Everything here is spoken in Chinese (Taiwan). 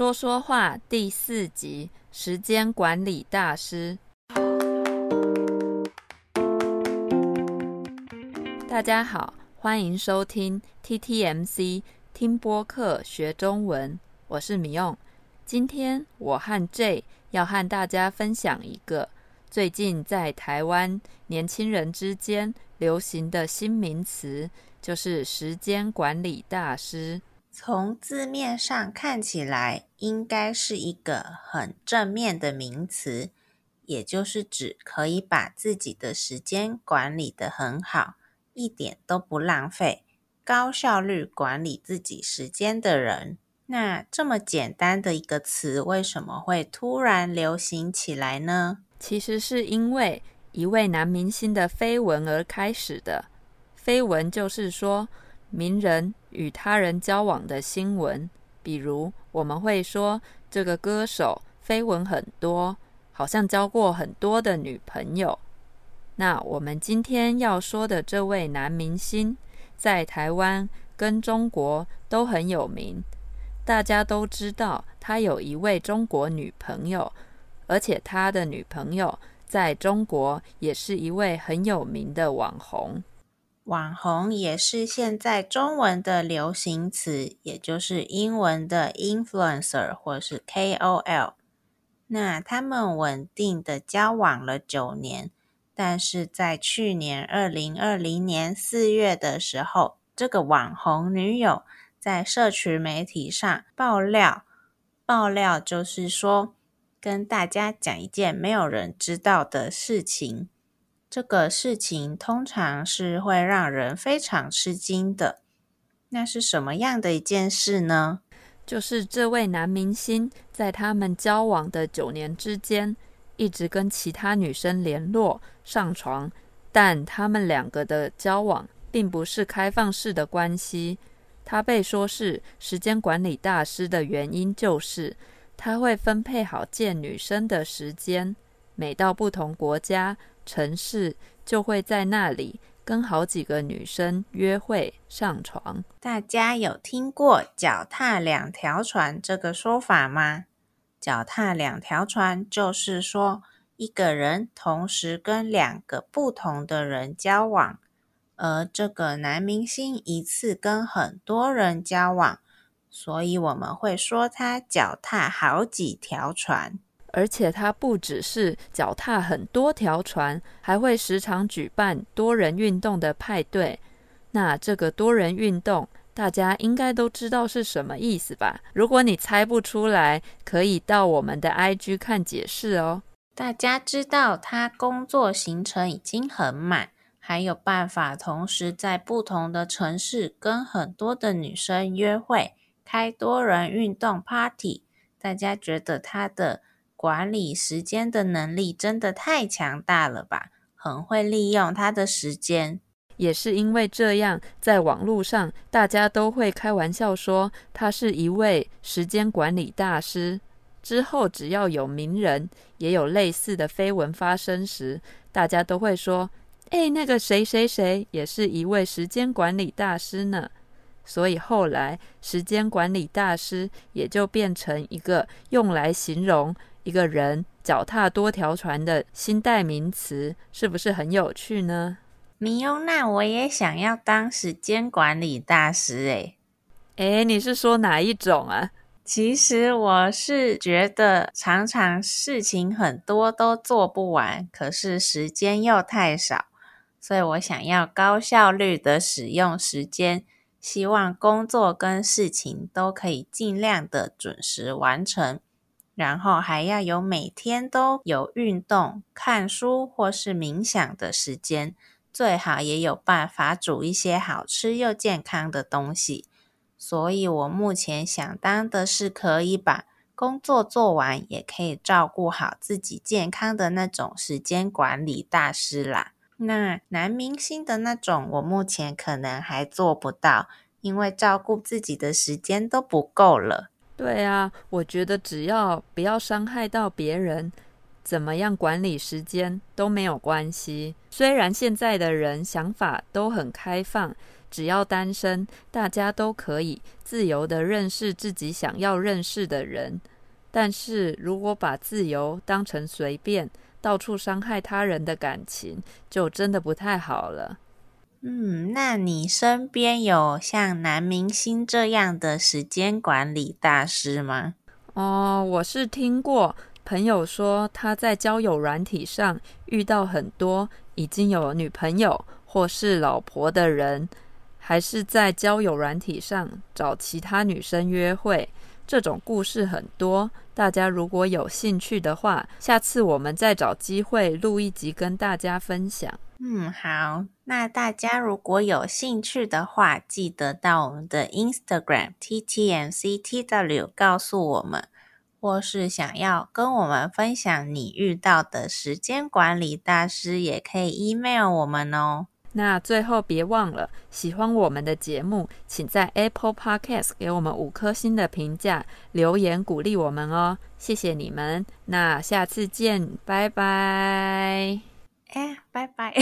說說話第四集：時間管理大師。大家好，歡迎收聽 TTMC 聽播客學中文，我是米用。今天我和 J 要和大家分享一個最近在台灣年輕人之間流行的新名詞，就是時間管理大師。從字面上看起來，應該是一個很正面的名詞，也就是指可以把自己的時間管理得很好，一點都不浪費，高效率管理自己時間的人。那這麼簡單的一個詞，為什麼會突然流行起來呢？其實是因為一位男明星的緋聞而開始的。緋聞就是說，名人。與他人交往的新聞，比如我們會說這個歌手緋聞很多，好像交過很多的女朋友。那我們今天要說的這位男明星，在台灣跟中國都很有名，大家都知道他有一位中國女朋友，而且他的女朋友在中國也是一位很有名的網紅。網紅也是現在中文的流行詞，也就是英文的 influencer 或是 KOL。那他們穩定的交往了九年，但是在去年二零二零年四月的時候，這個網紅女友在社群媒體上爆料，爆料就是說，跟大家講一件沒有人知道的事情。這個事情通常是會讓人非常吃驚的。那是什麼樣的一件事呢？就是這位男明星在他們交往的九年之間，一直跟其他女生聯絡、上床，但他們兩個的交往並不是開放式的關係。他被說是時間管理大師的原因，就是他會分配好見女生的時間，每到不同國家，城市就會在那裡跟好幾個女生約會、上床。大家有聽過“腳踏兩條船”這個說法嗎？“腳踏兩條船”就是說一個人同時跟兩個不同的人交往，而這個男明星一次跟很多人交往，所以我們會說他腳踏好幾條船。而且他不只是腳踏很多條船，還會時常舉辦多人運動的派對。那這個多人運動，大家應該都知道是什麼意思吧？如果你猜不出來，可以到我們的 IG 看解釋哦。大家知道他工作行程已經很滿，還有辦法同時在不同的城市跟很多的女生約會、開多人運動 Party，大家覺得他的？管理時間的能力真的太強大了吧！很會利用他的時間，也是因為這樣，在網絡上大家都會開玩笑說他是一位時間管理大師。之後只要有名人也有類似的緋聞發生時，大家都會說：“欸，那個誰誰誰也是一位時間管理大師呢。”所以後來，時間管理大師也就變成一個用來形容一個人腳踏多條船的新代名詞，是不是很有趣呢？米優娜，我也想要當時間管理大師哎！欸，欸，你是說哪一種啊？其實我是覺得常常事情很多都做不完，可是時間又太少，所以我想要高效率的使用時間，希望工作跟事情都可以盡量的準時完成。然後還要有每天都有運動、看書或是冥想的時間，最好也有辦法煮一些好吃又健康的東西。所以，我目前想當的是可以把工作做完，也可以照顧好自己健康的那種時間管理大師啦。那男明星的那種，我目前可能還做不到，因為照顧自己的時間都不夠了。對啊，我覺得只要不要傷害到別人，怎麼樣管理時間都沒有關係。雖然現在的人想法都很開放，只要單身，大家都可以自由的認識自己想要認識的人。但是如果把自由當成隨便，到處傷害他人的感情，就真的不太好了。嗯，那你身邊有像男明星這樣的時間管理大師嗎？哦，我是聽過朋友說，他在交友軟體上遇到很多已經有了女朋友或是老婆的人，還是在交友軟體上找其他女生約會，這種故事很多。大家如果有興趣的話，下次我們再找機會錄一集跟大家分享。嗯，好。那大家如果有興趣的話，記得到我們的 Instagram T T M C T W 告訴我們，或是想要跟我們分享你遇到的時間管理大師，也可以 email 我們哦。那最後別忘了，喜歡我們的節目，請在 Apple Podcast 給我們五顆星的評價，留言鼓勵我們哦。謝謝你們，那下次見，拜拜。哎，拜拜。